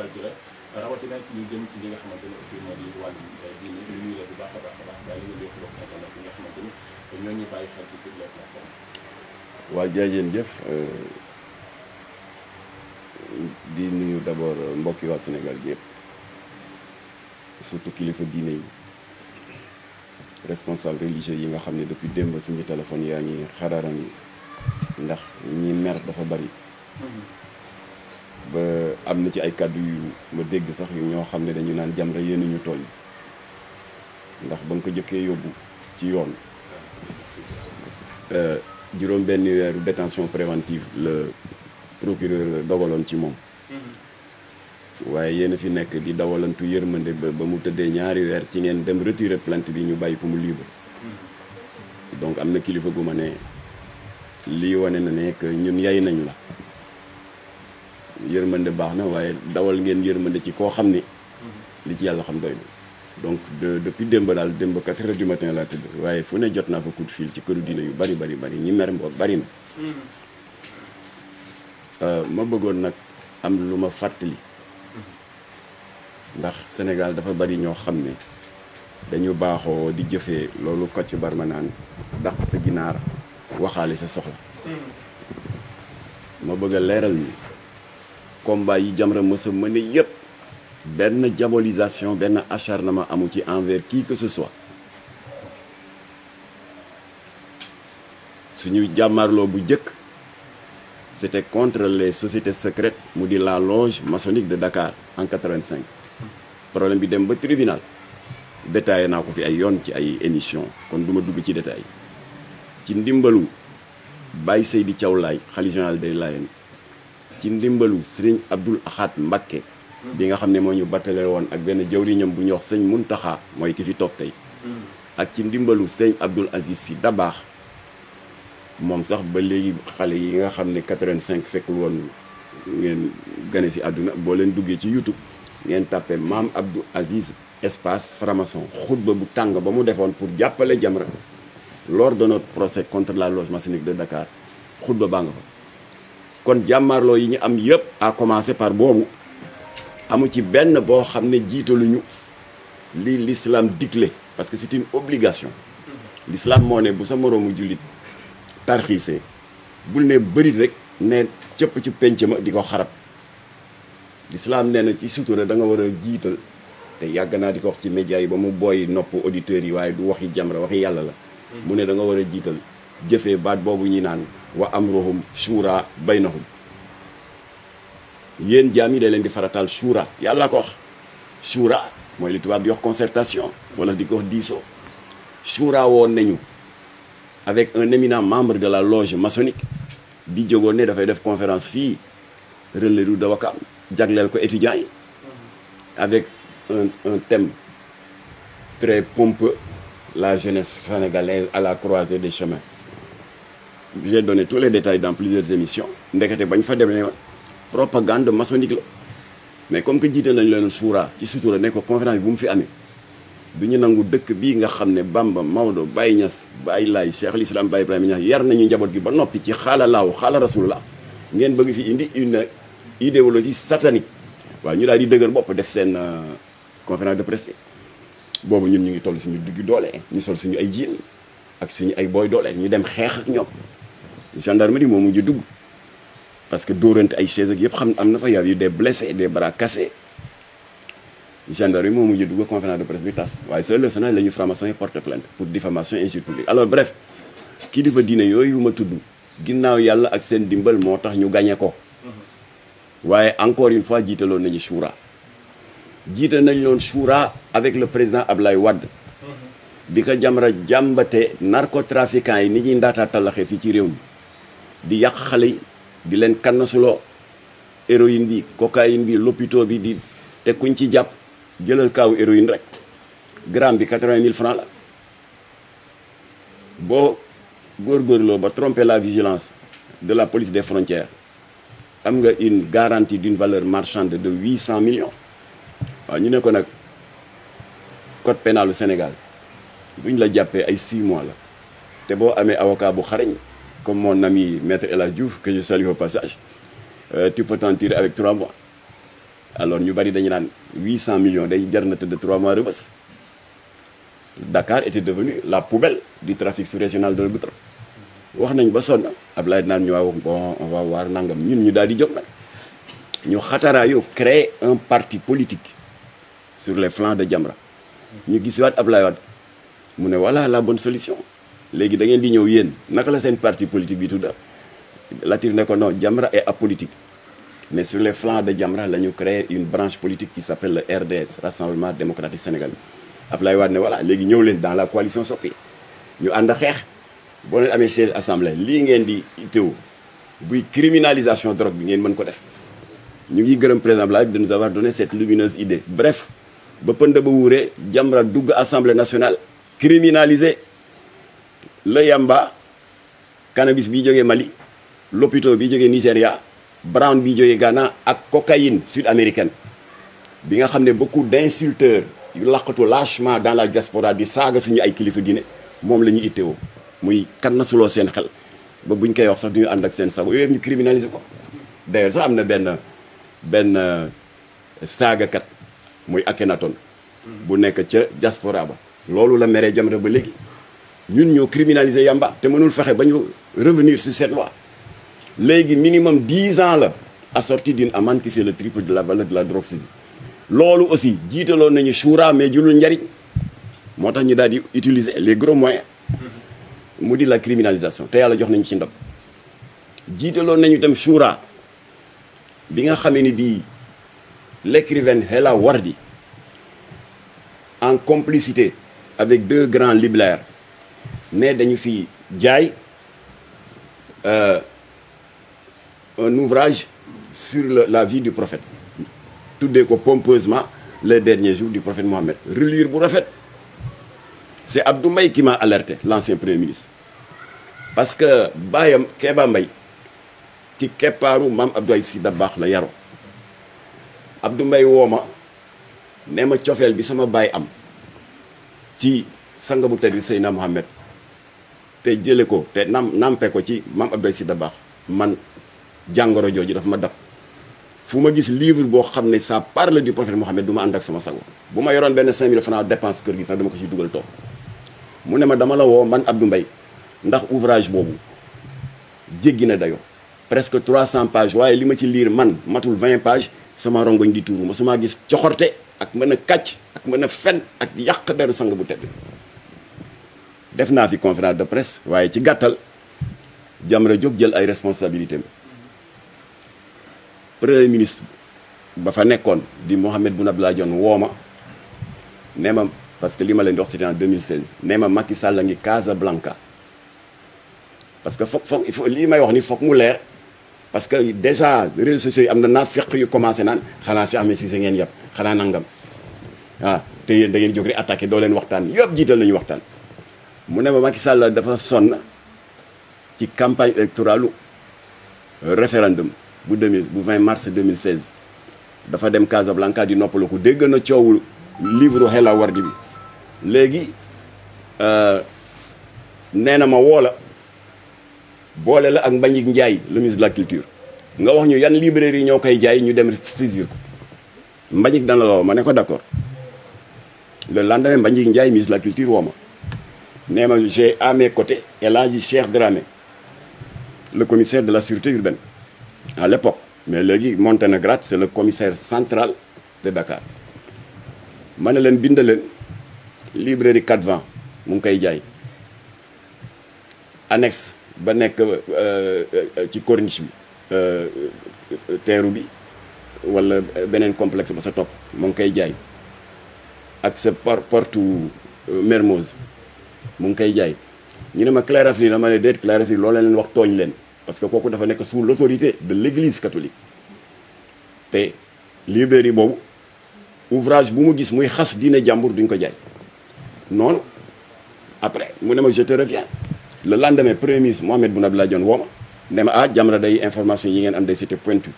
actuel ji la jëm ci li a xamante ni ñoo ñu bàyyi xel ci toutes les plateformes. waa jaajeen jëf euh, di nuyu d'abord mbokki waa Sénégal gi yëpp surtout kilifa diine yi responsable religieux yi nga xam ne depuis démb suñu téléphone yaa ngi xadaraan yi ndax ñi mer dafa bari. Mm-hmm. ba am na ci ay kàddu yu ma dégg sax yu ñoo xam ne dañu naan Jamra yéen ñu tooñ ndax ba nga ko jëkkee yóbbu ci yoon euh, juróom benn weeru détention préventive le procureur dogaloon ci moom mm-hmm. waaye yéen a fi nekk di dawalantu yërmande ba ba mu tëddee ñaari weer ci ngeen dem retirer plainte bi ñu bàyyi ko mu libre mm-hmm. donc am na kilifa gu ma ne lii wane na ne ñun yay nañ la yërmande baax na waaye dawal ngeen yërmande ci koo xam ni mhm. li ci yàlla xam doy na donc de depuis démb daal démb 4 heures du matin laa tëdd waaye fu ne jot naa fa coup de ci këru diine yu bari bari bari ñi mer mboog bari na mhm. euh, ma bëggoon nag am lu ma fàttali mhm. ndax Sénégal dafa bari ñoo xam ne dañu baaxoo di jëfee loolu Kocc Barma naan dàq sa ginaar waxaale sa soxla ma bëgg leeral ni combat yi Jamra mës a mëne yëpp benn diabolisation benn acharnement amul ci envers qui que ce soit suñu jàmmarloo bu jëkk c'était contre les sociétés secrètes mu di la loge maçonnique de Dakar en 85 problème bi dem ba tribinal détaillé naa ko fi ay yoon ci ay émission kon du ma dugg ci détail ci ndimbalu bay Seydi Thiaw Laye xalifa général des Layènes ci ndimbalu sëriñ Abdul xaat Mbakke bi nga xam ne moo ñu battale woon ak benn jawriñam bu ñuy wax sëñ Muntaxa mooy ki fi toog tey hmm. ak ci ndimbalu sëñ Abdul Aziz si Dabaax moom sax ba léegi xale yi nga xam ne cinq fekkul woon ngeen gane si àdduna boo leen duggee ci YouTube ngeen tàppe maam Abdou Aziz espace franc-maçon xutba bu tàng ba mu defoon pour jàppale Jamra lors de notre procès contre la loge maçonnique de Dakar xutba baa nga kon jàmmarloo yi ñu am yëpp à commencer par boobu amu ci benn boo xam ne jiitaluñu li l'islam digle parce que c'est une obligation l'islam moo ne bu sa moroomu jullit tarxiisee bul ne bëri rek ne cëpp ci penc ma di ko xarab l'islam nee na ci sutura da nga war a jiital te yàgg naa di ko wax ci média yi ba mu booy nopp auditeurs yi waaye du waxi jamra waxi yàlla la mm-hmm. mu ne da nga war a jiital jëfee baat boobu ñi naan waa wa amruhum shura baynahum yéen jaam yi day leen di faratal shura yàlla ko wax mooy li tubaab di wax concertation wala di ko wax diisoo shura woon nañu avec un éminent membre de la loge maçonnique di jógoon ne dafay def conférence fii Relais de Ouakam jagleel ko étudiants yi avec un un thème très pompeux la jeunesse sénégalaise à la croisée des chemins j'ai donné tous les détails dans plusieurs émissions ndekete bañ fa demee propagande maçonnique la mais comme que jiite nañ leen suuraa ci sutura ne ko conférence bu mu fi amee du ñu nangu dëkk bii nga xam ne Bamba Maodo Baye Niass Baye Laye Cheikh al Islam Baye Ibrahima Niass yar nañu njaboot gi ba noppi ci xaala laaw xaala la ngeen bëgg fii indi une idéologie satanique waa ñu daal di dëgër bopp def seen euh, conférence de presse bi boobu ñun ñu ngi toll suñu digg doole ñu sol suñu ay jiin ak suñu ay booy doole ñu dem xeex ak gendarmerie moo mujj dugg parce que dóorante ay chaise ak yëpp xam am na fa yaw yu des blessés des bras cassés gendarmerie moo mujj dugg conférence de presse bi tas waaye seul le Sénat la ñu franc-maçon yi porte plainte pour diffamation insulte publique alors bref kilifa diine yooyu ma tudd ginnaaw yàlla ak seen dimbal moo tax ñu gañe ko waaye encore une fois jiitaloon nañu choura jiite nañ loon choura avec le président Ablaye Wade bi ko Jamra jàmbate narcotrafiquant yi ni ñuy ndaataa fii ci réew mi di yàq xale yi di leen kannasuloo héroïne bi cocaïne bi lopito bi di te kuñ ci jàpp jëlal kaaw héroïne rek gramme bi quatre-vingt mille francs la boo góorgóorloo ba tromper la vigilance de la police des frontières am nga une garantie d'une valeur marchande de huit cent millions waa ñu ne ko nag code pénal u Sénégal buñ la jàppee ay six mois la te boo amee avocat bu xarañ comme mon ami maître El la Diouf que je salue au passage euh, tu peux t'en tirer avec 3 mois alors ñu bari dañu naan 800 millions day jar na tëdd 3 mois Rebeuss Dakar était devenu la poubelle du trafic su régional de le wax nañ ba sonn Ablaye naan ñu waaw bon nangam ñun ñu daal di jóg ñu xataraayu créer un parti politique sur les flancs de Jamra ñu gis waat Ablaye Wade mu ne voilà la bonne solution léegi da ngeen di ñëw yéen naka la seen parti politique bi tudd Latif ne ko non Jamra est politique mais su les flancs de Jamra la ñu créé une branche politique qui s'appelle le RDS Rassemblement démocratique sénégalais Abdoulaye Wade ne voilà léegi ñëw leen dans la coalition Sopi ñu ànd a xeex boo leen amee siège assemblée lii ngeen di teew buy criminalisation drogue bi ngeen mën ko def ñu ngi gërëm président Abdoulaye de nous avoir donné cette lumineuse idée bref ba pënd ba wuuree Jamra dugg assemblée nationale criminalisé la yamba cannabis bi jógee Mali lopito bi jógee Nigeria brown bi jógee Ghana ak cocaïne sud américaine bi nga xam ne beaucoup d'insulteurs yu laqatu lâchement dans la diaspora di saaga suñu ay kilifa diine moom la ñuy ittewoo muy kan seen xel ba buñ koy wax sax duñu ànd ak seen sago yooyu ñu criminaliser ko d'ailleurs sax am na benn benn euh, saagakat muy Akhenaton mm-hmm. bu nekk ca diaspora ba loolu la meree Jamra ba léegi ñun ñoo criminaliser yamba te mënul fexe ba ñu revenir sur cette loi léegi minimum dix ans la assorti d'une amende qui fait le triple de la valeur de la drogue loolu aussi jiitaloon nañu choura mais julul njariñ moo tax ñu daal di utiliser les gros moyens mu di la criminalisation te yàlla jox nañu ci ndam jiitaloon nañu dem choura bi nga xamee ni bii l'écrivaine Hela Wardi en complicité avec deux grands libraires ne dañu fi jaay euh, un ouvrage sur le, la vie du prophète tuddee ko pomposement les derniers jours du prophète Mohammed relire bu rafet c'est Abdou Mbaye qui m'a alerté l'ancien premier ministre parce que baayam Kéba mbay ci keppaaru maam Abdoulaye Sy Dabakh la yaro du mbay woo ma ne ma cofeel bi sama baay am ci sanga bu tedd bi Seydina Mohamed te jële ko te nam nampe ko ci maam Abdoulaye Sy baax man jàngoro jooju dafa ma dab fu ma gis livre boo xam ne ça parle du prophète Mohammed du ma ànd ak sama sago bu ma yoroon benn 5000 francs dépense kër gi sax dama ko ci dugal toog mu ne ma dama la woo man Abdou mbay ndax ouvrage boobu jéggi na dayo presque 300 pages waaye li ma ci liir man matul vingt pages sama rongoñ di tuuru ma su maa gis coxorte ak mën a kàcc ak mën a fen ak yàq deru sang bu def naa fi conférence de presse waaye ci gàttal Jamra Diop jël ay responsabilités premier ministre ba fa nekkoon di Mohamed Boun Abdallah Dionne woo ma nee ma parce que li ma leen di wax c'était en 2016 nee ma Macky Sall a ngi Casablanca parce que foog foog il faut lii may wax ni foog mu leer parce que déjà réseaux sociaux yi am na naa naafeq yu commencé naan xanaa si amee si sa ngeen yàpp xanaa nangam waaw ah, te yéen da ngeen jóg rek attaqué doo leen waxtaan yëpp jiital nañu waxtaan. mu ne ma Macky Sall dafa sonn ci campagne électorale référendum bu 2000 bu 20 mars 2016 dafa dem Casablanca di noppalu ko dégg na coowul livre Hela Wardi bi léegi euh, nee na ma woo la boole la ak Mbagnick njaay le ministre la culture nga wax ñu yan librairie yi ñoo koy jaay ñu dem saisir ko Mbagnick dana la woo ma ne ko d'accord le lendemain Mbagnick Ndiaye ministre de la culture woo ma nee ma j'ai à mes côtés El Hadji Cheikh Dramé le commissaire de la sûreté urbaine à l'époque mais léegi monté na grade c'est le commissaire central de Dakar ma ne leen bind leen librairie Quatre Vents mu ngi koy jaay annexe ba nekk euh, euh, ci corniche bi euh, teeru bi wala beneen complexe ba sa topp mu ngi koy jaay ak sa portu Mermoz mu ngi koy jaay ñu ne ma Claire Afrique dama ne déet Claire Afrique loolu leen wax tooñ leen parce que kooku dafa nekk sous l'autorité de l'église catholique te librairie boobu ouvrage bu mu gis muy xas diine jàmbur duñ ko jaay noonu après mu ne ma je te reviens le lendemain premier ministre Mohamed Boun Abdallah Dionne woo ma ne ma ah Jamra day information yi ngeen am day cité pointu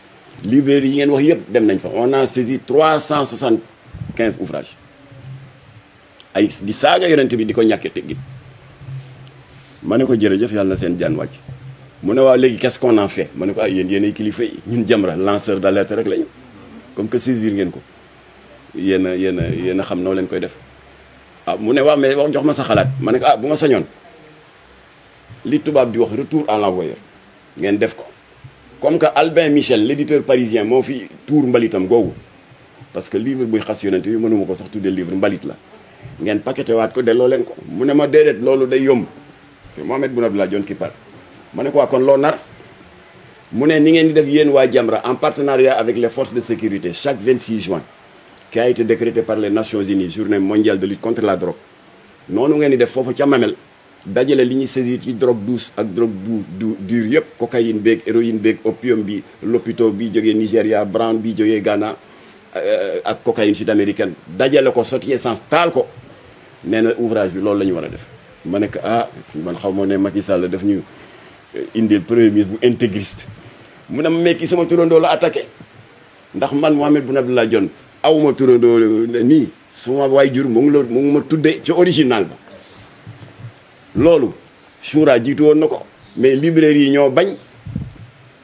librairie yi ngeen wax yëpp dem nañ fa on a saisi 375 ouvrages ay di saaga yonent bi di ko ñàkke teggin ma ne ko jëf yàlla na seen jaan wàcc mu ne waaw léegi qu'est-ce fait ma ne ko ay ah, yéen yéen ay kilifa yi ñun Jamra lanceur d'alerte rek lañu comme que saisir ngeen ko yéen a yéen a yéen a xam noo leen koy def ah mu ne waaw mais wax jox ma sa xalaat ma ne ko ah bu ma sañoon li tubaab di wax retour à l'envoyeur ngeen def ko comme que Albin Michel l'éditeur parisien moo fi tuur mbalitam googu parce que livre buy xas yonent yi mënuma ko sax tuddee livre mbalit la ngeen paqueté waat ko delloo leen ko mu ne ma déedéet loolu day yomb c'est Mohamed Boun Abdallah Dionne qui parle ma ne ko waa ah, kon loo nar mu ne ni ngeen def yéen waa Jamra en partenariat avec les forces de sécurité chaque 26 juin qui a été par les Nations Unies journée mondiale de lutte contre la drogue noonu ngeen di def foofu ca Mamel dajale li ñuy saisir ci drogue douce ak drogue bu dure yëpp cocaïne beeg héroïne beeg opium bi lopito bi jógee Nigéria brown bi jógee Ghana Euh, ak cocaïne sud américaine dajale ko sotti essence taal ko nee na ouvrage bi loolu la ñu war a def ma nekk ah man xaw ma ne Macky Sall def ñu euh, indil premier ministre bu intégriste mu a ma mekki sama turandoo la attaqué ndax man Mohamed Boun Abdallah Dionne awma turandoo nii suma waay jur mu ngi la mu ngi ma tudde ci original ba loolu Choura jiitu na ko mais librairie yi ñoo bañ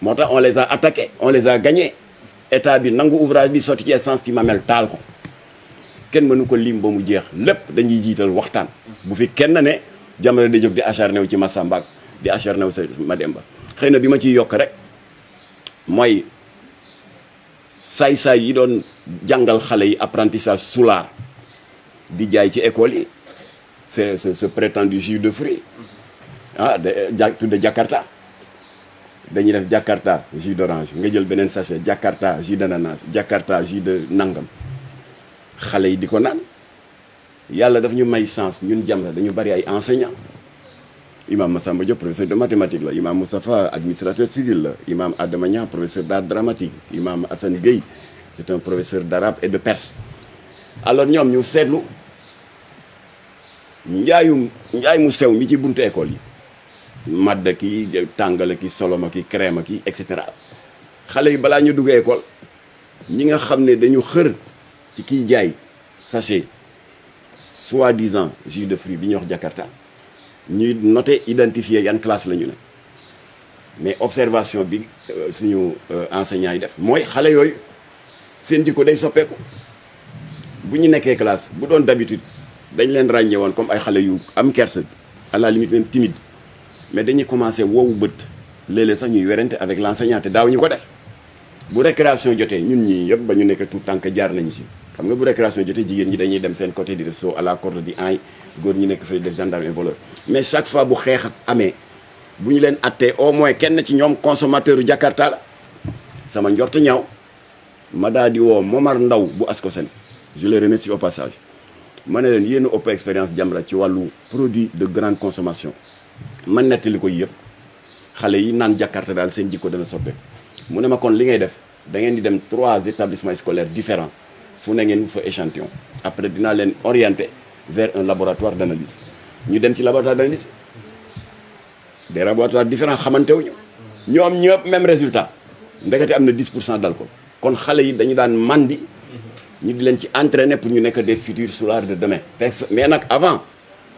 moo tax on les a attaqués on les a gagnés état bi nangu ouvrage bi sotti ci essence ci mamel taal ko kenn mënu ko lim ba mu jeex lépp dañuy jiital waxtaan bu fi kenn ne Jamra Day Jóob di acharné wu ci Massamba ak di acharné wu ma demba xëy na bi ma ciy yokk rek mooy saay-saay yi doon jàngal xale yi apprentissage sulaar di jaay ci école yi c'est ce prétendu jus de fruits ah de tudde Jakarta dañuy def jakarta jus d'orange nga jël beneen sachet jakarta jus d'ananas jakarta jus de nangam xale yi di ko naan yàlla daf ñu may chance ñun Jamra dañu bari ay enseignants imam Massamba Diop professeur de mathématiques la imam Moustapha administrateur civil la imam Adama Niang professeur d'art dramatique imam Assane Gueye c'est un professeur d'arabe et de perse alors ñoom ñu seetlu njaayu njaay mu sew mi ci buntu école yi madda ki tàngala ki soloma ki crème ki et cetera xale yi balaa ñu duggee école ñi nga xam ne dañu xër ci kiy jaay sachet soi-disant jus de fruit bi ñuy wax Jakarta ñuy noté identifier yan classe la ne mais observation bi euh, suñu euh, enseignants yi def mooy xale yooyu seen jikko day soppeeku bu ñu nekkee classe bu doon d'habitude dañ leen ràññee woon comme ay xale yu am kersa à la limite même mais dañuy commencé woowu bët léeg-léeg sax ñuy werante avec l'enseignant te daaw ñu ko def bu récréation jotee ñun ñii yëpp ba ñu nekk tout tànk jaar nañu ci xam nga bu récréation jotee jigéen ñi dañuy dem seen côté di def saut à la corde di aay góor ñi nekk fële def gendarme et voleur mais chaque fois bu xeex amee bu ñu leen attee au moins kenn ci ñoom consommateur u Jakarta la sama njorte ñaaw ma daal di woo Momar Ndaw bu Ascosen je le remercie au passage ma ne leen yéen ëpp expérience Jamra ci wàllu produit de grande consommation man nettali ko yëpp xale yi naan Jakarta daal seen jikko dana soppe mu ne ma kon li ngay def da ngeen di dem trois établissements scolaires différents fu ne ngeen fa échantillon après dinaa leen orienter vers un laboratoire d'analyse ñu dem ci laboratoire d'analyse des laboratoires différents xamante wuñu ñoom ñëpp même résultat ndekete am na 10 pour cent d'alcool kon xale yi dañu daan mandi ñu di leen ci entraîner pour ñu nekk des futurs soulards de demain mais nag avant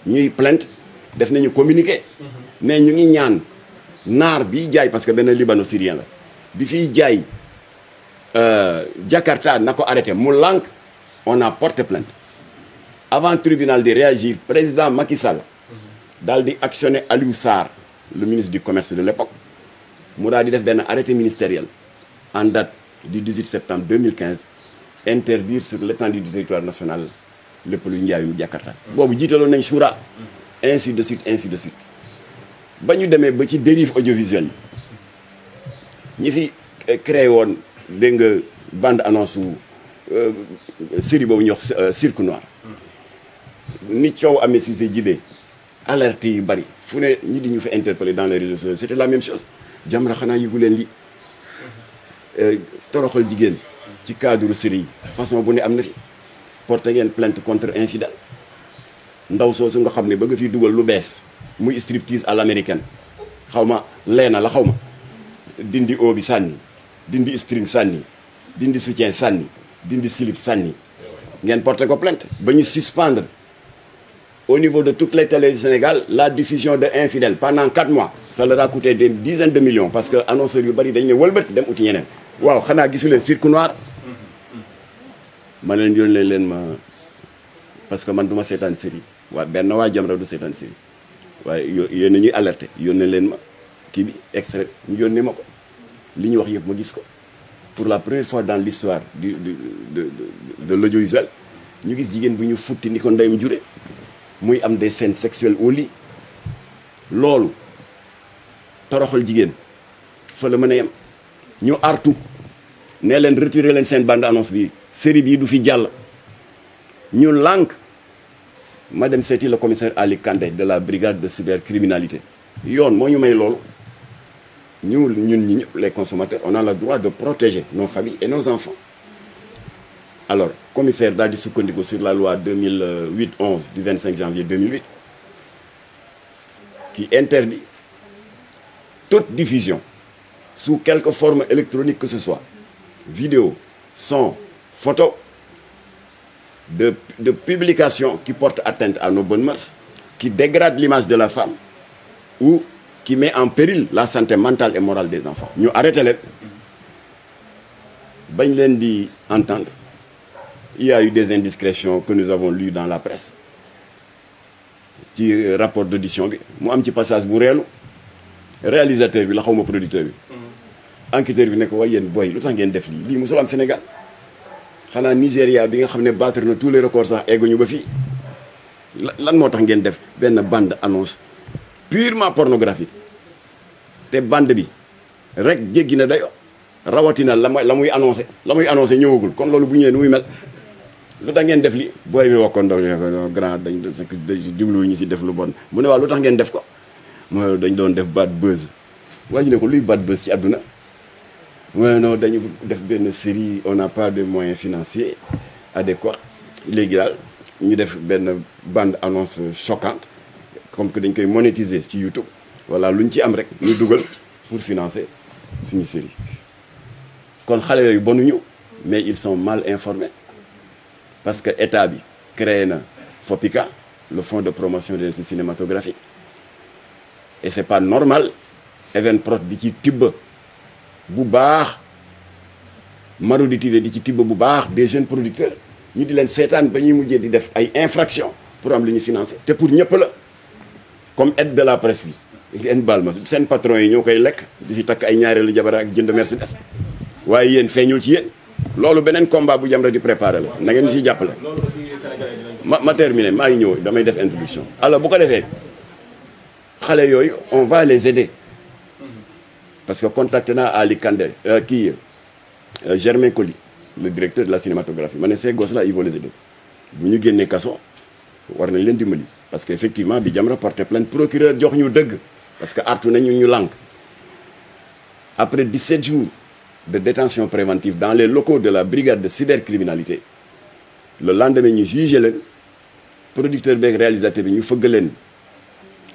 ñuy plainte def nañu communiqué. Mm-hmm. mais ñu ngi ñaan naar bi jaay parce que benn libano syrien la bi fi jaay euh, Jakarta na ko arrêté mu lank on a porté plainte avant tribunal de réagir président Macky Sall mm-hmm. daal di actionné Aliou Sarr le ministre du commerce de l'époque mu daal di def benn arrêté ministériel en date du 18 septembre 2015 interdire sur l'étendue du territoire national lépp luy njaayum Jakarta mm-hmm. boobu jiitaloon nañ Soura ainsi de suite ainsi de suite ba ñu demee ba ci dérive audiovisuelle yi ñi fi eh, créé woon dégg nga bande annonce wu euh, série boobu ñuy wax euh, cirque noir ni coow amee si sa jibee alerte yu bari fu ne ñi di ñu fa interpellé dans les réseaux sociaux c'était la même chose Jamra xanaa yëgu leen li euh, toroxal jigéen ci cadre série yi façon bu ne am na fi porté ngeen plainte contre infidèle ndaw soosu nga xam ne ba nga fiy dugal lu bees muy striptease à l'américaine xaw ma leena la xaw ma dindi o bi sànni dindi string sànni dindi soutien sànni dindi slip sànni ngeen porté ko plainte ba ñu suspendre au niveau de toutes les télés du Sénégal la diffusion de infidèles pendant 4 mois ça leur a coûté des dizaines de millions parce que annonceurs yu bari dañu ne wëlbati dem uti ñeneen waaw xanaa gisuleen cirque noir mm-hmm. ma leen yónnee leen ma parce que man du ma seetaan série waa benn waa Jamra du seetaan série waaye yéen ñuy alerté yónnee leen ma kii bi extrait ñu yónnee ma ko li ñu wax yëpp ma gis ko pour la première fois dans l'histoire du du de de l'audiovisuel ñu gis jigéen bu ñu futti ni ko ndeyam jure muy am des seen sexuelles au lit loolu toroxal jigéen fa la mën a yem ñu artu nee leen retirer leen seen bande annonce bi série bii du fi jàll ñu lànk ma dem seeti la commissaire Ali Kandé de la brigade de cybercriminalité yoon moo ñu may loolu ñu ñun ñi ñëpp les consommateurs on a le droit de protéger nos familles et nos enfants alors commissaire daal di sukkandiku sur la loi 2008 11 du 25 janvier 2008 qui interdit toute diffusion su quelque forme électronique que ce soit vidéo son photo de, de publications qui portent atteinte à bon bonnes mœurs, qui l'image de la femme ou ki met en péril la santé mentale et morale des enfants ñu arrêté bañ leen di entendre il y a eu des indiscrétions que nous avons lues dans la presse ci rapport d'audition bi mu am ci passage bu reelu réalisateur bi la xaw ma producteur bi mm-hmm. enquêteur bi nekk ko waaye yéen booy lu tax ngeen def lii lii musul am Sénégal xanaa Nigéria bi nga xam ne battre na tous les records sax ñu ba fii lan moo tax ngeen def benn band annonce purement pornographique te band bi rek jéggi na dayo rawatina la la muy annoncé la muy annoncé ñëwagul kon loolu bu ñëwee nu muy mel lu tax ngeen def li booy bi wakkoon do grand dañ jubluwu ñu si def lu bon mu ne waaw tax ngeen def ko mooy dañ doon def bad buzz waaye ñu ne ko luy bad buzz ci àdduna ouais non dañu def benn série on n'a pas de à financiers adéquats léegi daal ñu def benn band annonce choquante comme que dañ koy monétiser ci YouTube voilà lu ñu ci am rek ñu dugal pour financer suñu série kon xale yooyu bonuñu mais ils sont mal informés parce que état bi créé na FOPICA le fonds de promotion des cinématographiques et c'est pas normal Evenprod bi ci tibb bu baax Marodi di di ci tibb bu baax des jeunes producteurs ñu di leen seetaan ba ñuy mujjee di def ay infraction pour am lu ñu financé te pour ñëpp la comme aide de la presse bi ngeen baal ma seen patron yi ñoo koy lekk di si takk ay ñaareelu jabar ak jënd Mercedes waaye yéen feeñul ci yéen loolu beneen combat bu Jamra di préparé la nangeen ngeen siy jàppale ma ma terminé maa ngi ñëw damay def introduction alors bu ko defee xale yooyu on va les aider parce que contacté naa Ali Kandé kii euh, euh, Germain Colli le directeur de la cinématographie ma ne ces gosses là ils vont bu ñu génnee kaso war nañ leen dimbali parce que effectivement bi Jamra porté plainte procureur jox ñu dëgg parce que artu nañu ñu lànk après 17 jours de détention préventive dans les locaux de la brigade de cybercriminalité le lendemain ñu jugé leen producteur beeg réalisateur bi ñu fëgg leen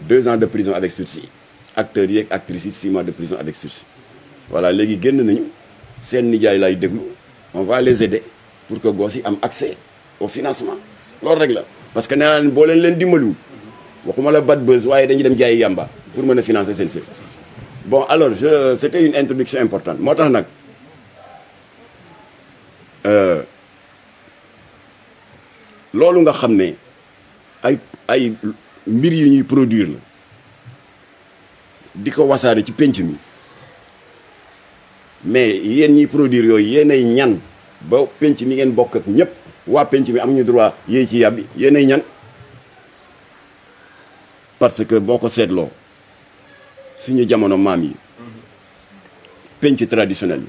deux ans de prison avec sursis acteurs yi ak actrices yi de prison avec sursis voilà léegi génn nañu seen nijaay laay déglu on va les aider pour que gosse si am accès au financement loolu rek la parce que nee naa leen boo leen leen dimbaliwul waxuma la bad buzz waaye dañuy dem jaay yàmba pour mën a financer seen sëy bon alors je c'était une introduction importante moo tax nag euh, loolu nga xam ne ay ay mbir yu ñuy produire la di ko wasaare ci pénc mi mais yéen ñi produire yooyu yéenay ñan ba pénc mi ngeen bokk ak ñëpp waa pénc mi ñu droit yéey ci yàbbi yéenay ñan parce que boo ko seetloo suñu jamono maam yi pénc traditionnel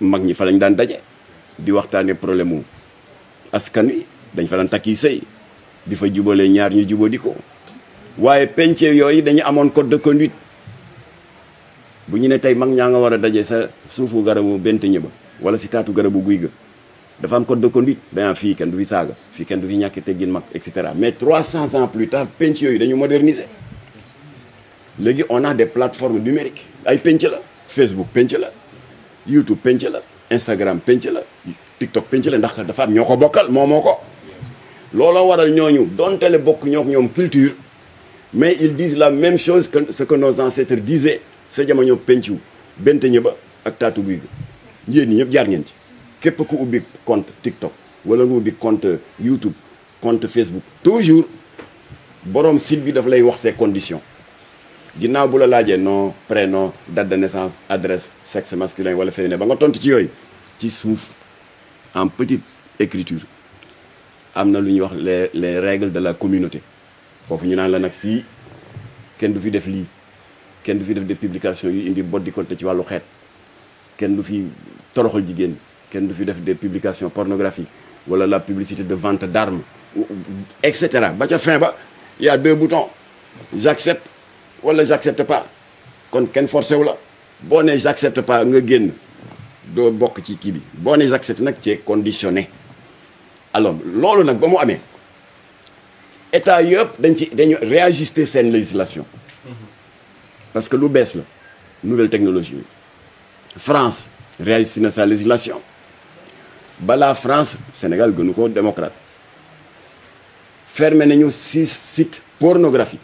yi mag ñi fa lañ daan daje di waxtaane problème mu askan wi dañ fa daan takki sëy di fa jubalee ñaar ñu juboo di ko waaye penc yooyu dañu amoon code de conduite bu ñu ne tey mag ñaa nga war a daje sa suufu garabu bent ñëba wala si taatu garabu guy ga dafa am code de conduite dañaa ah, fii kenn du fi saaga fii kenn du fi ñàkk teggin mag et cetera mais 300 ans plus tard penc yooyu dañu moderniser léegi on a des plateformes numériques ay penc la Facebook penc la YouTube penc la Instagram pence la TikTok penc la ndax dafa am ñoo ko bokkal moo moo ko looloo waral ñooñu dontele bokk ñook ñoom culture mais ils disent la même chose que ce que nos ancêtres disaient sa jamono pencu bente ñi ba ak taatu guy gi yéen ñi ñëpp jaar ngeen ci képp ku ubbi compte TikTok wala nga ubbi compte YouTube compte Facebook toujours borom site bi daf lay wax ses conditions ginnaaw bu la laajee nom prénom date de naissance adresse sexe masculin wala féminin ba nga tontu ci yooyu ci suuf en petite écriture am na lu ñuy wax les les règles de la communauté foofu ñu naan la nag fii kenn du fi def lii kenn du fi def des publications yu indi bot di ci wàllu xeet kenn du fi toroxal jigéen kenn du fi def des publications pornographiques wala la publicité de vente d'armes et cetera ba ca fin ba y a deux boutons j'accepte wala j'accepte pas kon kenn forcé wu la boo nee j'accepte pas nga génn doo bokk ci kii bi boo nee j'accepte nag cee conditionné alors loolu nag ba mu amee état yëpp dañ ci dañu réajuster seen législation parce que lu bees la nouvelle technologie bi France réajuster na sa législation balaa France Sénégal gënu ko démocrate ferme nañu six sites pornographie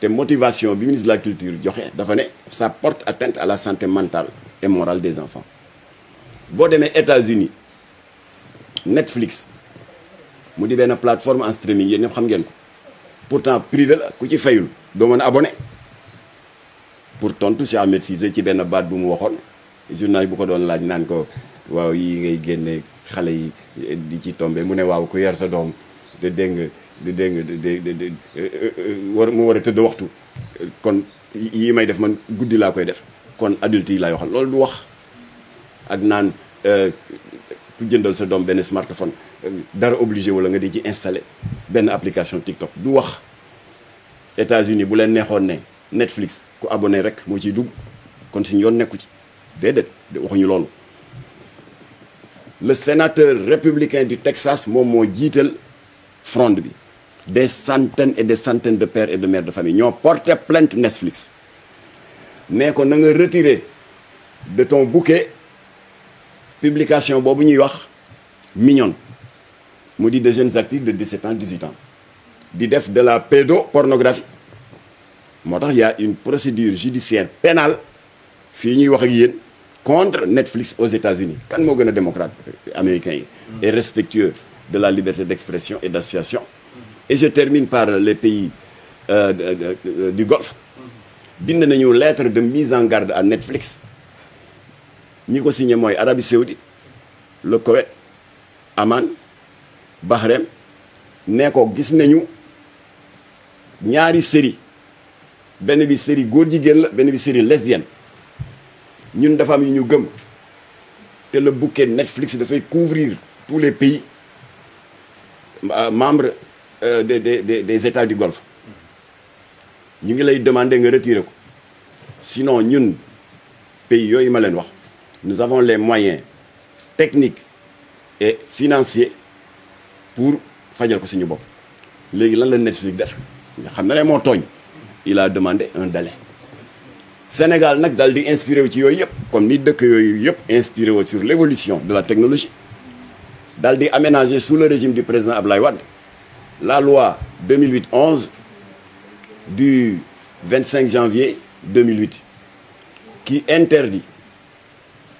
te motivation bi ministre de la culture joxe dafa ne ça porte atteinte à la santé mentale et morale des enfants boo demee États-Unis Netflix mu di benn plateforme en streaming yéen ñëpp xam ngeen ko pourtant privé la ku ci fayul doo mën a abonné pour tontu si Ahmed Cissé ci benn baat bu mu waxoon journal bu ko doon laaj naan ko waaw yi ngay génne xale yi eh, di ci tombe mu ne waaw ku yar sa doom te dégg nga di dégg nga eh, eh, war mu war a tëdd waxtu kon yi may def man guddi laa koy def kon adulte yi laay waxal loolu du wax ak naan pour jëndal sa doom benn smartphone dara obligé wala nga di ci installé benn application TikTok du wax États-Unis bu leen neexoon ne Netflix ku abonné rek moo ciy dugg kon suñu yoon nekku ci déedéet waxuñu loolu le sénateur républicain du Texas moom moo jiital fronde bi des centaines et des centaines de pères et de mères de famille ñoo porté plainte Netflix nee ko na nga de ton bouquet publication boobu ñuy wax mignonne mu di des jeunes actifs de 17 ans 18 ans di def de la pédopornographie moo tax y une procédure judiciaire pénal fii ñuy wax ak yéen contre Netflix aux États-Unis kan moo gën a démocrate euh, américain yi mm. et respectueux de la liberté d'expression et d'association et je termine par les pays euh, de, de, de, du Golfe mm. bind nañu lettre de mise en garde à Netflix ñi ko signé mooy Arabie Saoudite le Koweït Amman Bahreïn nee ko gis nañu ñaari série benn bi série góor jigéen la benn bi série lesbienne ñun dafa am yu ñu gëm te le bouquet Netflix dafay couvrir tous les pays euh, membres euh, des de des états du Golfe ñu ngi lay demander nga retirer ko sinon ñun pays yooyu ma leen wax. nous avons les moyens technique et financiers pour fajal ko suñu bopp léegi lan la Netflix def nga xam ne moo tooñ il a demandé un délai Sénégal nag daal di inspiré wu ci yooyu yëpp comme ni dëkk yooyu yëpp inspiré wu sur l'évolution de la technologie daal di aménager sous le régime du président Ablaye Wade la loi 2008-11 du 25 janvier 2008 qui interdit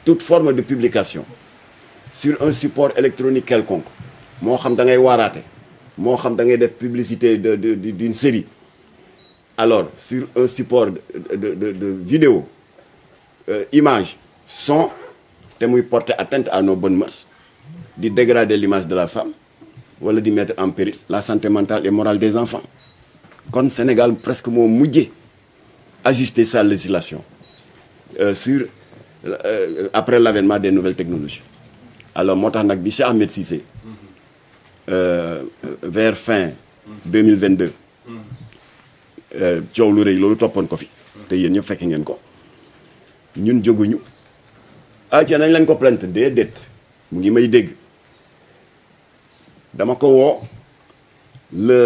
toute forme de publication sur un support électronique quelconque moo xam da ngay waaraate moo xam dangay def publicité de de d'une série alors sur un support de de de, vidéo euh, image son te muy porte atteinte à nos bonnes mœurs di dégrader l'image de la femme wala di mettre en péril la santé mentale et morale des enfants kon Sénégal presque moo mujjee ajuster sa législation euh, sur Euh, après l'avènement des nouvelles technologies alors moo tax nag bi Cheikh Ahmed Cissé euh, vers fin 2022 euh, coow lu rëy loolu toppoon ko fi te yéen ñëpp fekk ngeen ko ñun jóguñu ah nañ lañ ko plainte déedéet mu ngi may dégg dama ko woo le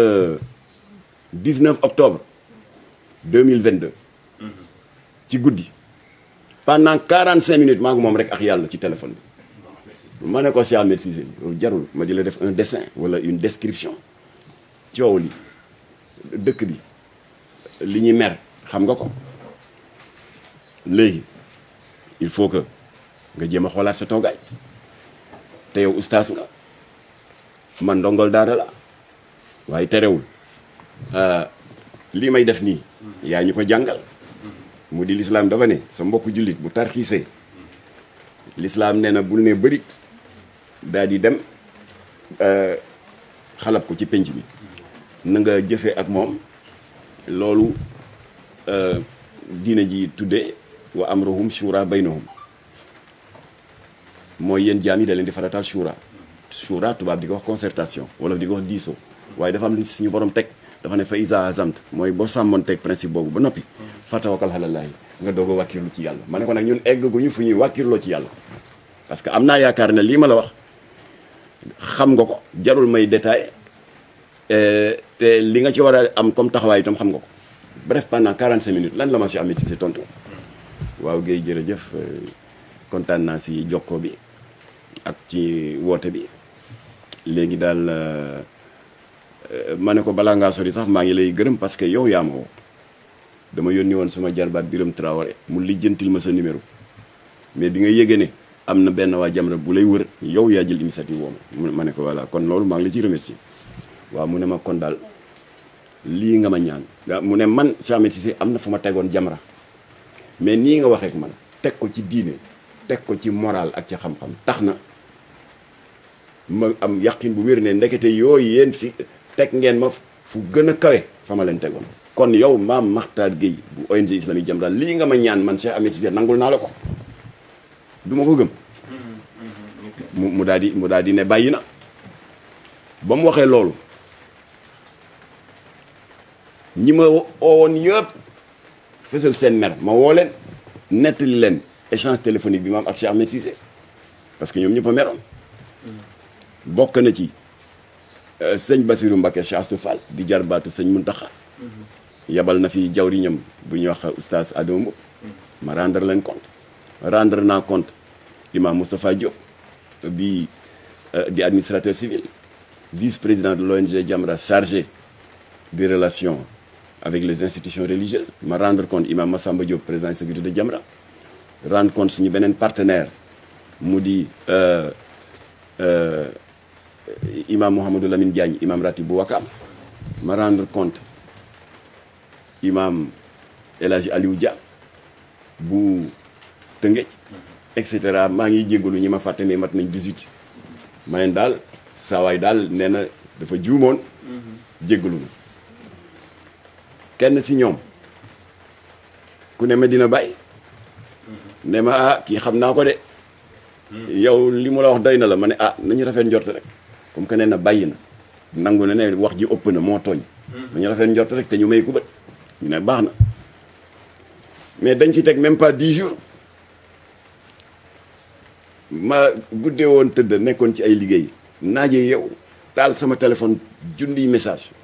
19 octobre 2022 mm-hmm. ci guddi pendant 45 minutes maa ngi moom rek ak yàlla ci téléphone bi ma ne ko si Ahmed Cissé jarul ma di la def un dessin wala une description coow li dëkk bi li ñuy mer xam nga ko léegi il faut que nga jéem a xoolaat sa toogaay te yow ustaas nga man ndongol daara la waaye terewul euh, lii may def nii yaa ñu ko jàngal mu di lislaam dafa ne sa mbokk jullit bu tarxiisee lislaam nee na bul ne bërit daal dem euh, xalab ko ci pénc bi nanga nga jëfee ak moom loolu euh, diina ji tudde wa amruhum shura baynahum mooy yéen jaam yi da leen di faratal shura shura tubaab di ko wax consertation wala di ko wax diisoo waaye dafa am suñu borom teg dafa ne fa isa azamt mooy boo sàmmonteeg principe boobu ba noppi fatawakal alalaahi nga doog a wàkkirlu ci yàlla ma ne ko nag ñun egguñu fu ñuy wàkkirloo ci yàlla parce que am naa yaakaar ne lii ma la wax xam nga ko jarul may détail eh, te li nga ci war a am comme taxawaay itam xam nga ko bref pendant 45 minutes lan la ma si amee si si tontu waaw Guèye jërëjëf eh, kontaan naa si jokkoo bi ak ci woote bi léegi daal eh, Euh, ma ne ko balaa ngaa sori sax maa ngi lay gërëm parce que yow yaa ma woo dama yónni woon sama jarbaat Biram Traoré mu lijjantil ma sa numéro mais bi nga yëgee ne am na benn waa Jamra bu lay wër yow yaa jël initiative woo ma ne ko voilà kon loolu maa ngi la ciy remercier waaw mu ne ma kon daal lii nga ma ñaan mu ne man Cheikh Ahmed Cissé am na fu ma tegoon Jamra mais nii nga waxee ak man teg ko ci diine teg ko ci moral ak ci xam-xam tax na ma am yaqin bu wér ne ndekete yooyu yéen fi teg ngeen ma fu gën a kawe fa ma leen tegoon kon yow maam Makhtar Gueye bu ONG islamique jëm daal lii nga ma ñaan man see Ahmed Cissé nangul naa la ko du ma ko gëm mu mu daal di mu daal di ne bàyyi na ba mu waxee loolu ñi ma woowoon yëpp fësal seen mer ma woo leen nettali leen échange téléphonique bi ma am ak Cheikh Ahmed parce que ñoom ñëpp meroon mm. bokk na ci Euh, sëñ Basirou Mbacké Cheikh Astou Fall di jarbaatu sëñ Muntaxa mhm. yebal na fi jawriñam bu ñuy wax oustaz Adomo mhm. ma rendre leen compte rendre naa compte imam Moustapha Diop bi euh, di administrateur civil vice-président de l'ONG Jamra chargé des relations avec les institutions religieuses ma rendre compte imam Massamba Diop président exécutif de Jamra rendre compte suñu beneen partenaire mu di euh, Euh, imam Mouhamadou Lamine Diagne imam ratib bu Wakaam ma rendre compte imam El Hadj Aliou Dia bu Tëngéej et cetera maa ngi jégalu ñi ma fàtte mais mat nañ 18 ma leen daal saway daal nee na dafa juumoon jégalu na kenn si ñoom ku ne ma dina bàyyi ne ma ah kii xam naa ko de hmm. yow li mu la wax doy na la ma ne ah nañu rafet njort rek comme que nee na bàyyi na nangu na ne wax ji ëpp na moo tooñ dañu hmm. rafet njort rek te ñu may ko bët ñu ne baax na mais dañ ci teg même pas dix jours ma guddee woon tëdd nekkoon ci ay liggéey naaje yow taal sama téléphone junniy message